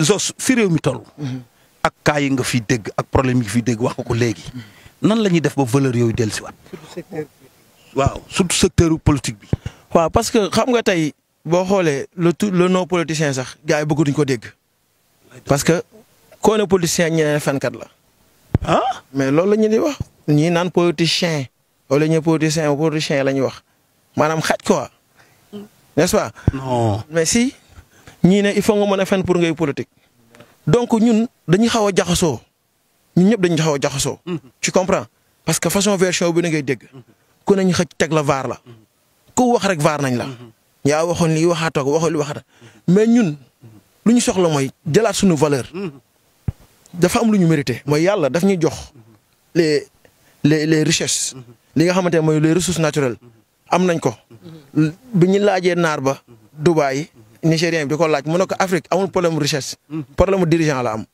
Zos fi réew mi toll. Mhm. ak kaa yi nga fi dégg ak problème yi fi dégg wax ko ko léegi. Mhm. nan la ñuy def ba valeur yooyu dellusiwaat. waaw surtout secteur politique bi. waaw parce que xam nga tey boo xoolee le tout le non politicien sax gars yi bëggatuñ ko dégg. parce que koo ne politicien ñeneen fenkat la. ah mais loolu la ñu di wax ñii naan politicien wala ñu politicien politicien la ñuy wax maanaam xaj quoi mm. nest pas. ñii ne il faut nga mën a fen pour ngay politique donc ñun dañuy xaw a jaxasoo ñun ñëpp dañ xaw a jaxasoo. ci comprends parce que façon version bu ne ngay dégg ko nañ xëj teg la vaar la ku wax rek vaar nañ la. yaa waxoon lii waxaatoo ko waxoon li waxata mais ñun lu ñu soxla mooy jëlaat suñu valeur. dafa am lu ñu mérité mooy yàlla daf ñuy jox les les les richesses. li nga xamante ne mooy les ressources naturelles am nañ ko. bi ñu laajee naar ba Dubaï. nigérien bi di ko laaj mu ne ko Afrique amul problème richesse. problème dirigeant la am.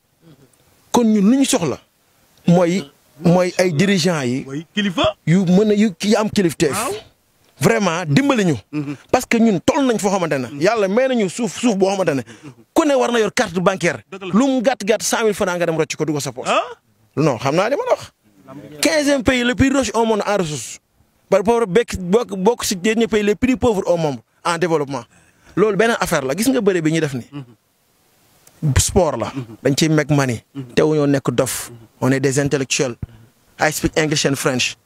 kon ñun lu ñu soxla. mooy mooy ay dirigeant yi. kilifa yu mën a yu am kilifteef. vraiment dimbali ñu. Mhm. parce que ñun toll nañ foo xamante ne. Mhm. yàlla may nañu suuf suuf boo xamante ne. ku ne war na yor carte bancaire. lu mu gàtt gàtt cent mille francs nga dem rocc ko du ko sa poche. Ah? non xam naa li ma la wax. quinzième pays le plus riche au monde en si dernier pays les plus pauvres au monde en développement. loolu benn affaire la gis nga bari bi ñuy def ni sport la. dañ ciy meg mani. teewuñoo nekk dof. on des intellectuels. I speak English and French.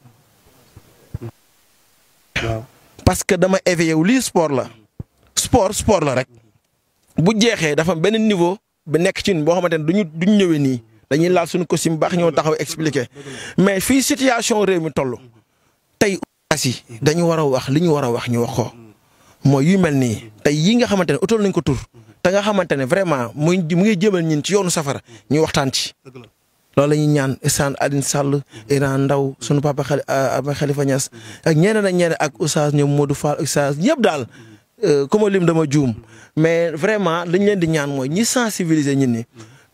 waaw que dama éveillé wu lii sport la. sport sport la rek. bu jeexee dafa benn niveau bu nekk ci boo xamante ne duñu duñ ñëwee nii dañuy laal suñu costume baax ñëw taxaw expliquer mais fii situation réew mi toll. tey aussi dañu war a wax li ñu war a wax ñu wax ko. mooy yu mel nii tey yi nga xamante ne utal nañ ko tur ta nga xamante ne vraiment mu ngi mu ngi jëmal ñin ci yoonu safara ñu waxtaan ci. loolu la ñuy ñaan Sane Aline Sall Iran Ndaw sunu papa xali Abba ah, ah, Khalifa Niass ak ñeneen ak ñeneen ak oustaz ñoom Modou Fall ñëpp daal euh, ku ma lim dama juum mais vraiment liñ leen di ñaan mooy ñi sensibiliser ñin ñi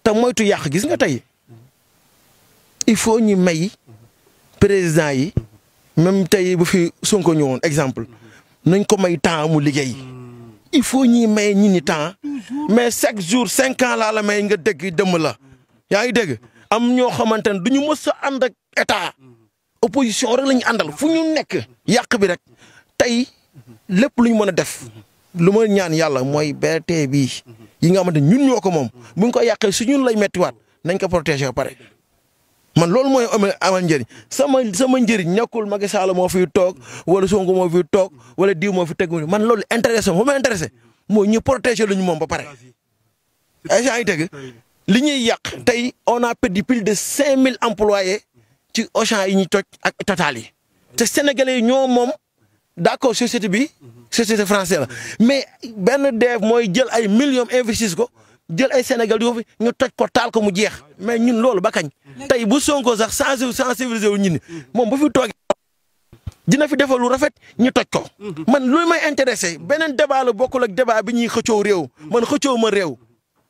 te moytu yàq gis nga tey il faut ñu may président yi même tey bu fi Sonko ñëwoon exemple. nañ ko may temps mu liggéey il faut ñuy may ñi ni temps mais chaque jour cinq ans laa la may nga dégg dëmm la yaa ngi dégg am ñoo xamante ne du ñu mës a ànd ak état opposition rek la ñu àndal fu ñu nekk yàq bi rek tey lépp lu ñu mën a def lu ma ñaan yàlla mooy BRT bii yi nga xamante ñun ñoo ko moom bu ñu ko yàqee su ñun lay méttiwaat nañ ko protéger ba pare. man loolu mooy amal njëriñ sama sama njëriñ ñàkkul Macky Sall moo fiy toog wala Sonko moo fiy toog wala diw moo fi teg man loolu intéressé ma fa ma intéressé mooy ñu protéger lu ñu moom ba pare. ay ngi teg li ñuy yàq tey on a perdu plus de 5000 employés ci Auchan yi ñuy toj ak Total yi te sénégalais yi ñoo moom d'accord société bi société française la mais benn deef mooy jël ay millions investis ko. jël ay Sénégal yoo fi ñu toj ko taal ko mu jeex mais ñun loolu ba kañ. tey bu Sonko sax sensibiliser wu ñu ni moom bu fi toogee dina fi defal rafet ñu toj ko. man lu may intéressé beneen débat la bokkul ak débat bi ñuy xëccoo réew. man xëccoo ma réew.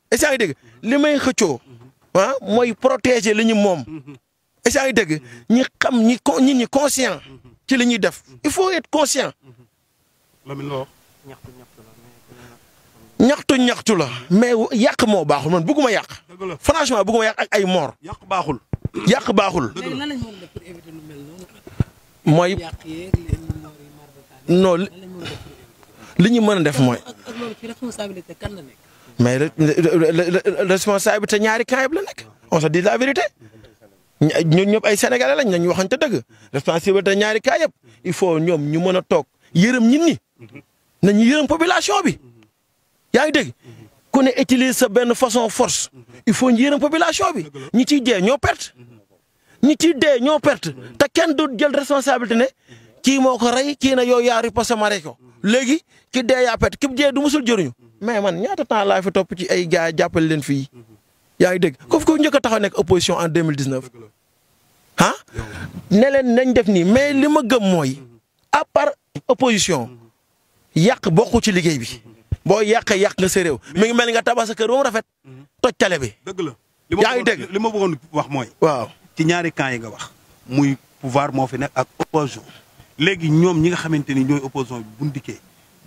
est-ce que dégg li may xëccoo ah mooy protéger li ñu moom. est-ce que dégg ñi xam ñi con ñi ñi ci li ñuy def il faut être conscient. ñaxtu ñaxtu la mais yàq moo baaxul man ma yàq. franchement bëgguma yàq ak ay moor. yàq baaxul. yàq baaxul. mooy. non li ñu mën a def mooy. mais responsabilité ñaari camp la nekk on se dit la vérité ñun ñëpp ay la sénégalais lañ nañu waxante dëgg responsabilité ñaari camp yëpp il faut ñoom ñu mën a toog yërëm ñit ñi mm-hmm. nañu yërëm population bi. yaa ngi dégg ku ne utilise sa benn façon force il faut ñu yërëm population bi ñi ciy dee ñoo perte ñi ci dee ñoo pert te kenn du jël responsabilité ne kii moo ko rey kii na yow yaa riposte ko léegi ki dee yaa perte ki dee du musul jëriñu mais man ñaata temps laa fi topp ci ay gars jàppale leen fii yaa ngi dégg ko ko njëkk a taxaw nekk opposition en 2019 ah ne leen nañ def nii mais li ma gëm mooy à par opposition yàq bokku ci liggéey bi. boo yàqee yàq nga sa réew. mi ngi mel nga tabax sa kër ba mu rafet. Mhm. toj tale bi. dëgg la yaa ngi dégg li ma bëggoon wax mooy. waaw ci ñaari camp yi nga wax. muy pouvoir moo fi nekk ak opposition. léegi ñoom ñi nga xamante ni ñooy opposition bi bu ndikkee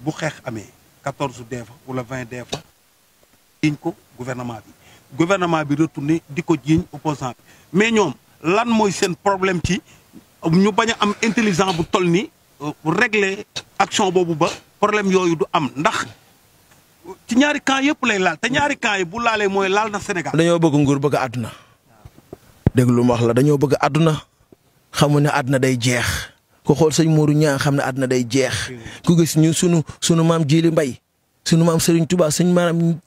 bu xeex amee quatorze des fois wala vingt des fois jiñ ko gouvernement bi gouvernement bi retourné di ko jiñ opposant bi mais ñoom lan mooy seen problème ci ñu bañ a am intelligent bu toll ni euh, régler action boobu ba problème yooyu du am ndax. ci ñaari camp yëpp lay laal te ñaari camp yi bu laalee mooy laal na Sénégal. dañoo bëgg nguur bëgg àdduna dégg lu ma la dañoo bëgg àdduna xamu ne àdduna day jeex ku sëñ Modou Niang xam ne àdduna day jeex ku gis ñu sunu sunu maam Jili Mbay sunu maam Serigne Touba sëñ maanaam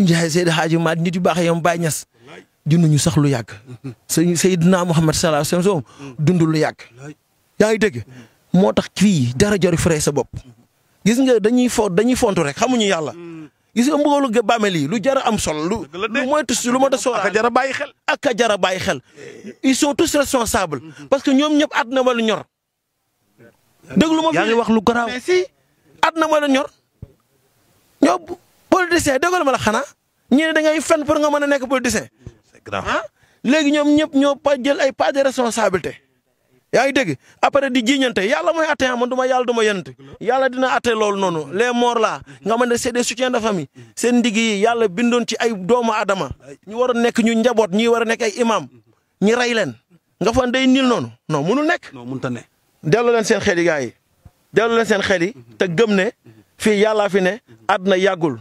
Ndiaye Seydi Hadji Maat nit yu baax yam Baay Ñas dunduñu sax lu yàgg sëñ Seydina Muhammad sallallahu alayhi wasallam dundu lu yàgg yaa ngi dégg moo tax fii dara jar frais sa bopp. gis nga dañuy fo dañuy fontu rek xamuñu yàlla. Hmm. gis nga mboolu ga bàmmeel yi lu jar a am solo. lu lu moytu lu mot a sóoraale ak a jar a bàyyi xel. ak a bàyyi xel ils sont tous responsables. Hmm. parce que ñoom ñëpp at na ma ñor. déglu ma fi yaa ngi wax lu si at na ma lu ñor. ñoom politicien déglu ma la xanaa ñu ne da ngay fen pour nga mën a nekk politicien. c'est grave ah? léegi ñoom ñëpp ñoo pa jël ay pas de responsabilité. yaa ngi dégg après di jiiñante yàlla mooy atte man du ma yàlla du ma yent yàlla dina atte loolu noonu les morts là nga xam ne c'est des soutiens de seen ndig yi yàlla bindoon ci ay doomu adama ñu war a nekk ñu njaboot ñi war a nekk ay imam ñi ray leen nga fan day niil noonu noo munul nekk. non mënut a ne. delloo leen seen xel yi gars yi delloo leen seen xel yi te gëm ne fii yàllaa fi ne àdduna yàggul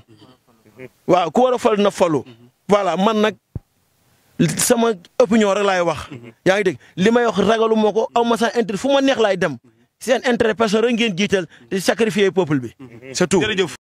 waaw ku war a fal na falu voilà man nag. sama opinion rek laay wax. yaa ngi dégg li may wax ragalu ko aw ma sax intérêt fu ma neex laay dem seen intérêt personnel rek ngeen jiital di sacrifier peuple bi c'est